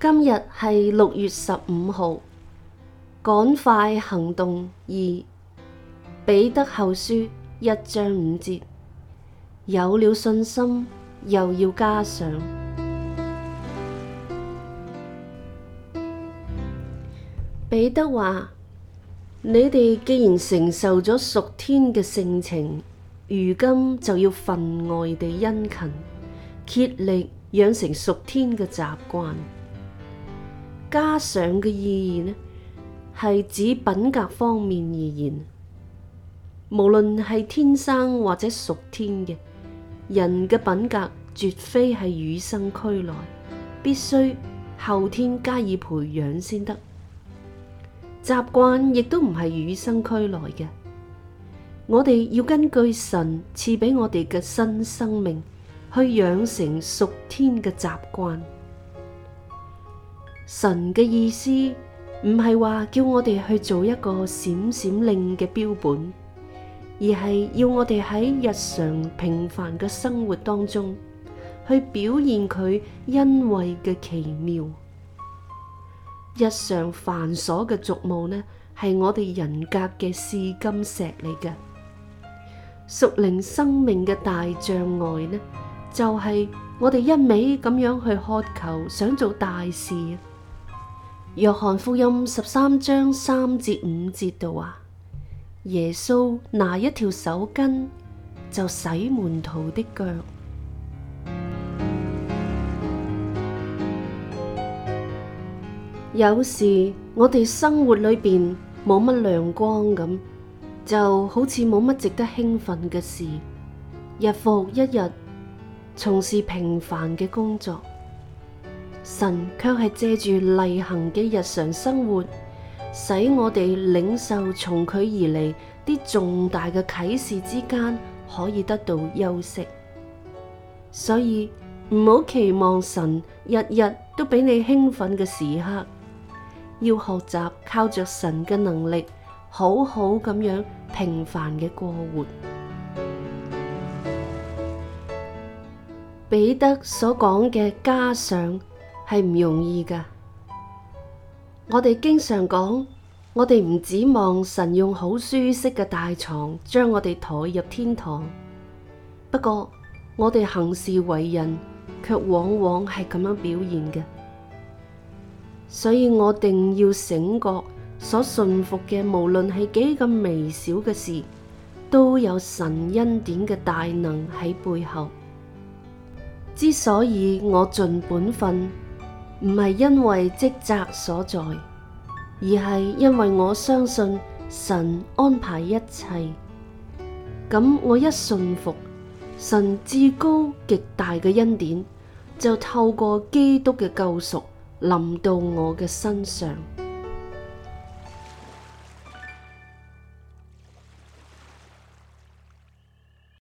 今日係六月十五號，趕快行動。二彼得後書一章五節，有了信心又要加上。彼得話：你哋既然承受咗屬天嘅性情，如今就要分外地殷勤，竭力養成屬天嘅習慣。加上嘅意義呢，係指品格方面而言。無論係天生或者屬天嘅人嘅品格，絕非係與生俱來，必須後天加以培養先得。習慣亦都唔係與生俱來嘅，我哋要根據神賜俾我哋嘅新生命去養成屬天嘅習慣。神嘅意思唔係話叫我哋去做一個閃閃亮嘅標本，而係要我哋喺日常平凡嘅生活當中去表現佢恩惠嘅奇妙。日常繁瑣嘅俗務呢，係我哋人格嘅試金石嚟嘅。屬靈生命嘅大障礙呢，就係、是、我哋一味咁樣去渴求想做大事。約翰福音十三章三至五節度話：耶穌拿一條手巾就洗門徒的腳。有時我哋生活裏邊冇乜亮光咁，就好似冇乜值得興奮嘅事，日復一日從事平凡嘅工作。神卻係借住例行嘅日常生活，使我哋領受從佢而嚟啲重大嘅啟示之間，可以得到休息。所以唔好期望神日日都俾你興奮嘅時刻，要學習靠着神嘅能力，好好咁樣平凡嘅過活。彼得所講嘅加上。係唔容易㗎。我哋經常講，我哋唔指望神用好舒適嘅大床將我哋抬入天堂。不過我哋行事為人，卻往往係咁樣表現嘅。所以我定要醒覺，所信服嘅無論係幾咁微小嘅事，都有神恩典嘅大能喺背後。之所以我盡本分。唔係因為職責所在，而係因為我相信神安排一切。咁我一信服，神至高極大嘅恩典就透過基督嘅救贖臨到我嘅身上。